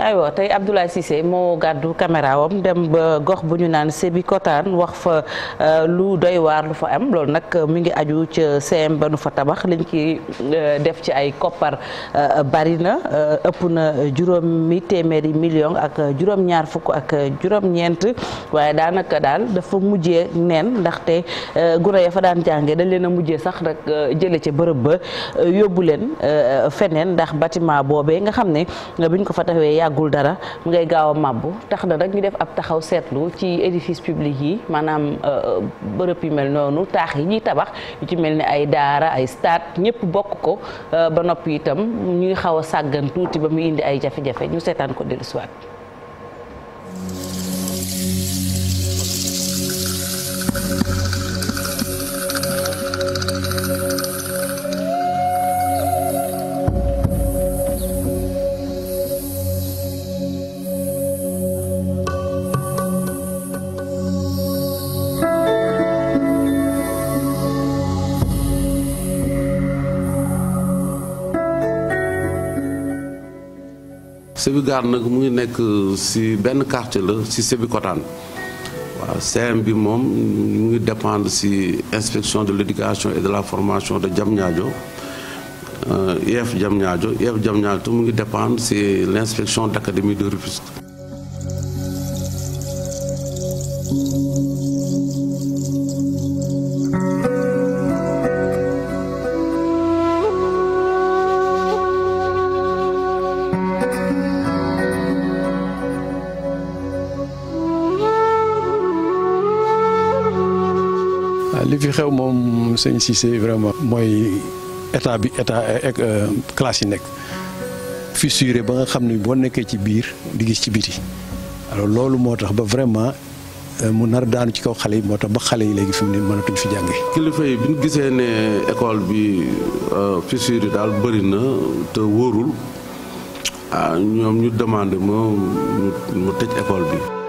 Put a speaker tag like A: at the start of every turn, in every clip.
A: aywa tey Abdoulaye Cissé moo gàddu camérawam dem ba gox bu ñu naan sebi Sébikotane wax fa euh, lu doy waar lu fa am loolu nag euh, mu ngi aju ca CM ba nu fa tabax liñ ci euh, def ci ay koppar bari na ëpp na juróomi téeméeri million ak juróom-ñaar fukk ak juróom-ñeent waaye daanaka daal dafa mujjee neen ndaxte gune ya fa daan jànge dañ leen a mujjee sax nag jële ci bërëb ba yóbbu leen feneen ndax bâtiment boobee nga xam ne biñ ko fa tawee gul dara mu ngay gaaw a màbbu tax na nag ñu def ab taxaw seetlu ci édifice public yi maanaam euh, euh, bërëb yu mel noonu taax yi ñuy tabax yu ci mel ni ay daara ay stade ñëpp bokk ko euh, ba noppi itam ñuy ngi xaw a sàggan tuuti ba mu indi ay jafe-jafe ñu seetaan ko dellusiwaat
B: Sébikotane nag mu ngi nekk ci euh, benn quartier la ci Sébikotane waaw CM bi moom mu ngi dépendre ci inspection de l'éducation et de la formation de jam Diamniadio IEF euh, Diamniadio IEF Diamniadio mu ngi dépendre ci l'inspection d'académie de Rufisque
C: li fi xew moom sëñ Cissé vraiment mooy état bi état euh, euh, classe yi nekk fissuré ba nga xam ne boo nekkee ci biir di gis ci biti alors loolu moo tax ba vraiment euh, mu nar daanu ci kaw xale yi moo tax ba xale yi léegi fi mu ne mënatuñ fi jàngee.
B: kilifa yi bi ñu gisee ne école bi fissure yi daal bëri na te wóorul ah ñoom ñu demandé ma mu tëj école bi.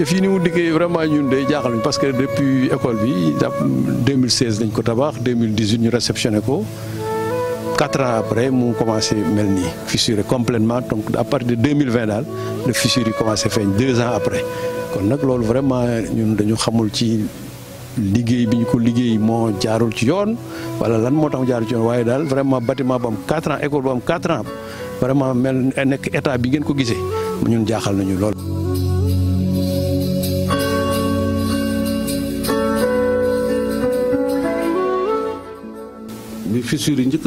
C: yëf yi ni mu dikkee vraiment ñun day jaaxal parce que depuis école bi 2016 dañ ko tabax 2018 ñu réceptionné ko quatre ans après mu commencé mel nii fissuré complètement donc à partir de 2020 daal la fissure yi commencé feeñ deux ans après kon nag loolu vraiment ñun dañu xamul ci liggéey bi ñu ko liggéey moo jaarul ci yoon wala lan moo tax jaarul ci yoon waaye daal vraiment bâtiment bu am quatre ans école bu am quatre ans vraiment mel nekk état bi ngeen ko gisee ñun jaaxal nañu lool.
B: bi fissure yi njëkk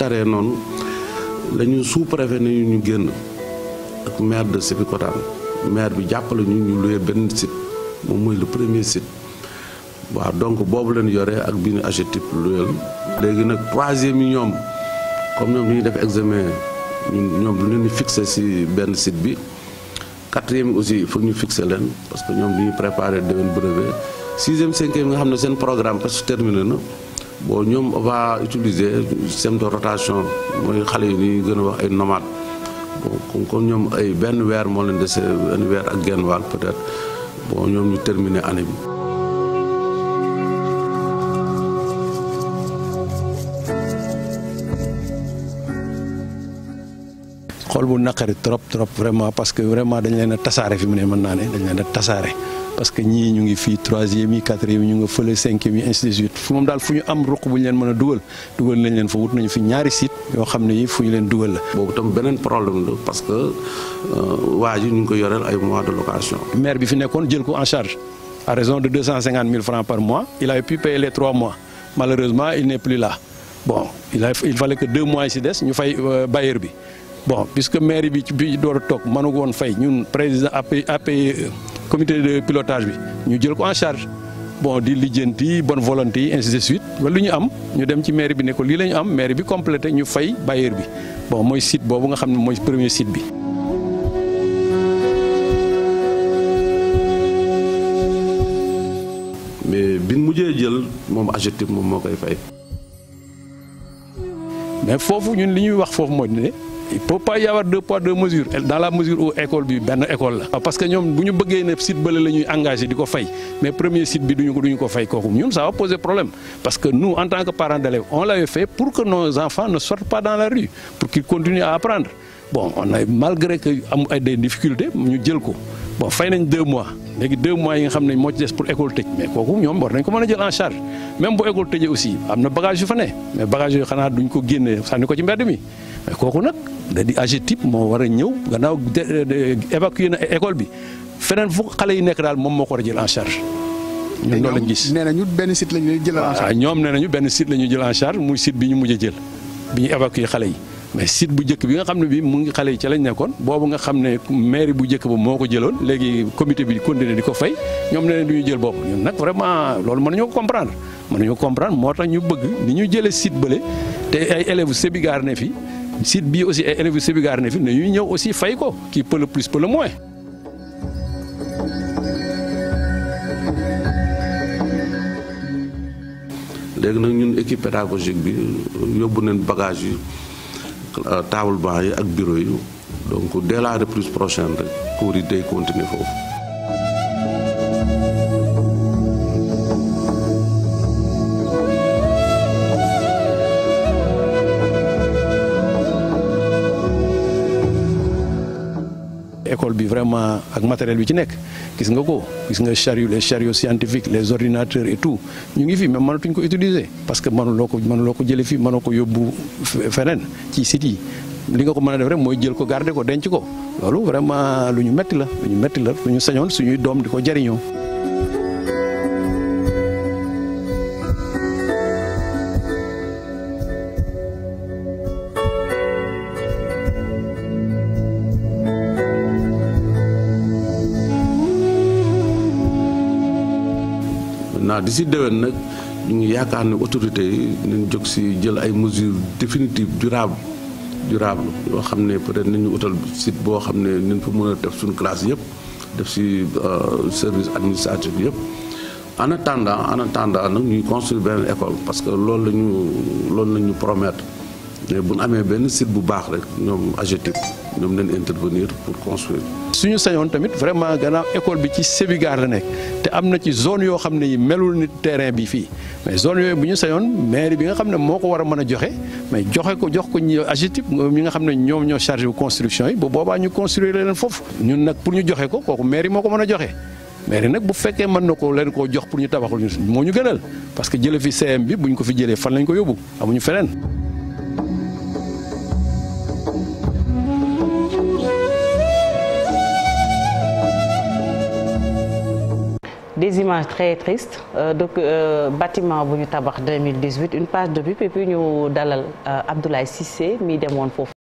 B: a noonu la ñu sous nañu ñu génn ak maire de Sébikotane maire bi jàppale ñu ñu luye benn site moom mooy le premier site waaw donc boobu leen yore ak bi ñu AGETIP luyel léegi nag troisième yi ñoom comme ñoom dañuy def examen ñun ñoom lu leen di fixé ci benn site bi quatrième yi aussi il faut ñu fixé leen parce que ñoom dañuy préparé déwén brevet sixième cinquième nga xam ne seen programme presque terminé na boo ñoom on va utiliser système de rotation mooy xale yi ñuy gën a wax ay nomades bon kon ñoom ay benn weer moo leen dese benn weer ak genn wàll peut-être bon ñoom ñu terminer année bi.
C: xool bu naqari trop trop vraiment parce que vraiment dañ leen a tasaare naa ne dañ leen a tasaare parce que ñii ñu ngi fii troisième yi quatrième yi ñu nga fële cinquième yi ainsi de suite fu moom daal fu ñu am ruq bu leen mën a dugal dugal nañ leen fa wut nañu fi ñaari site yoo xam ne yi fu ñu leen dugal la. boobu tam beneen problème la parce que euh,
B: waa ji ngi ko yoreel ay mois de location.
C: maire bi fi nekkoon jël ko en charge à raison de deux cent cinquante mille francs par il avait pu payer les trois mois malheureusement il n'est plus là bon il bon puisque mairie bi bi door a toog mënu woon fay ñun président APE euh, comité de pilotage bi ñu jël ko en charge bon di lijjanti bonne volonté yi ainsi de suite wala lu ñu am ñu dem ci mairie bi ne lii lañu am mairie bi complété ñu fay bailleur bi bon mooy site boobu nga xam ne mooy premier site bi.
B: mais bi mujjee jël moom AGETIP moom moo koy fay.
C: mais foofu ñun li ñuy wax foofu mooy ne. il peut pas y avoir deux poids deux mesures dans la mesure où école bi benn école la. Ah, parce que ñoom bu ñu bëggee ne site bële la ñuy engagé di ko fay mais premier site bi duñu ko duñu ko fay kooku ñun ça ñu jël ko. bon nañ deux mois léegi deux mois yi nga xam ne moo ci des pour école tëj mais kooku ñoom war nañ ko mën a jël en charge même bu école tëjee aussi am na bagage fa ne mais bagage xanaa duñ ko génnee sànni ko ci mbedd mi. kooku nag da di AGETIP moo war a ñëw gannaaw évacuer na école bi feneen fu xale yi nekk daal moom moo ko war a jël en charge. ñun loolu lañ nee nañu benn site la jël en charge ah, ñoom nee nañu benn site la ñuy jël en charge muy site bi ñu mujj a jël bi ñu évacuer xale yi. mais site bu njëkk bi nga xam ne bii mu ngi xale yi ca lañ nekkoon boobu nga xam ne mairie bu njëkk ba moo ko jëloon léegi comité bi continué di ko fay ñoom nee nañ du ñu jël boobu ñun nag vraiment loolu mën nañoo comprendre mën nañoo comprendre moo tax ñu bëgg ni ñu jëlee site bële te ay élèves ne fi site bii aussi ay eh, élèves Sébigar ne fi ne ñuy ñëw aussi fay ko kii peut le plus peut le moins.
B: léegi nag ñun équipe pédagogique bi yóbbu nañ bagage yi euh, table banc yi ak bureau yi donc dès la reprise prochaine rek cours yi day continuer foofu.
C: école bi vraiment ak matériel bi ci nekk gis nga ko gis nga chariot les chariots scientifiques les ordinateurs et tout ñu ngi fi mais mënatuñ ko utiliser parce que mënuloo ko mënuloo ko jëlee fi mënoo ko yóbbu feneen ci site yi li nga ko mën a def rek mooy jël ko garder ko denc ko loolu vraiment lu ñu metti la lu ñu metti la lu ñu sañoon suñuy doom di ko jariñoo
B: naa di si déwén nag ñu ngi yaakaar ne autorité yi nañ jóg si jël ay mesures définitives durable durable yoo xam ne peut-être nañu utal site boo xam ne nañ fa mën a def suñu classe yëpp def si euh, service administratif yëpp en attendant en attendant nag ñuy construire benn école parce que loolu lañu loolu la ñu promettre mais bu nu amee benn site bu baax rek ñoom AGETIP ñoom leen intervenir pour construire.
C: suñu sañoon tamit vraiment gannaaw école bi ci Sébikar la nekk. te am na ci zone yoo xam ne melul nit terrain bi fii mais zone yooyu bu ñu sañoon mairie bi nga xam ne moo ko war a mën a joxe mais joxe ko jox ko ñi AGETIP ñi nga xam ne ñoom ñoo chargé wu construction yi bu boobaa ñu construire leen foofu ñun nag pour ñu joxe ko kooku mairie moo ko mën a joxe. mairie nag bu fekkee mën na ko leen koo jox pour ñu tabaxul moo ñu gënal parce que jële fi CM bi buñ ko fi jëlee fan lañ ko yóbbu amuñu feneen.
A: des images très tristes euh, donc euh, bâtiment bu ñu tabax 2018 une page de pub et puis ñu dalal euh, Abdoulaye Cissé mi demoon foofu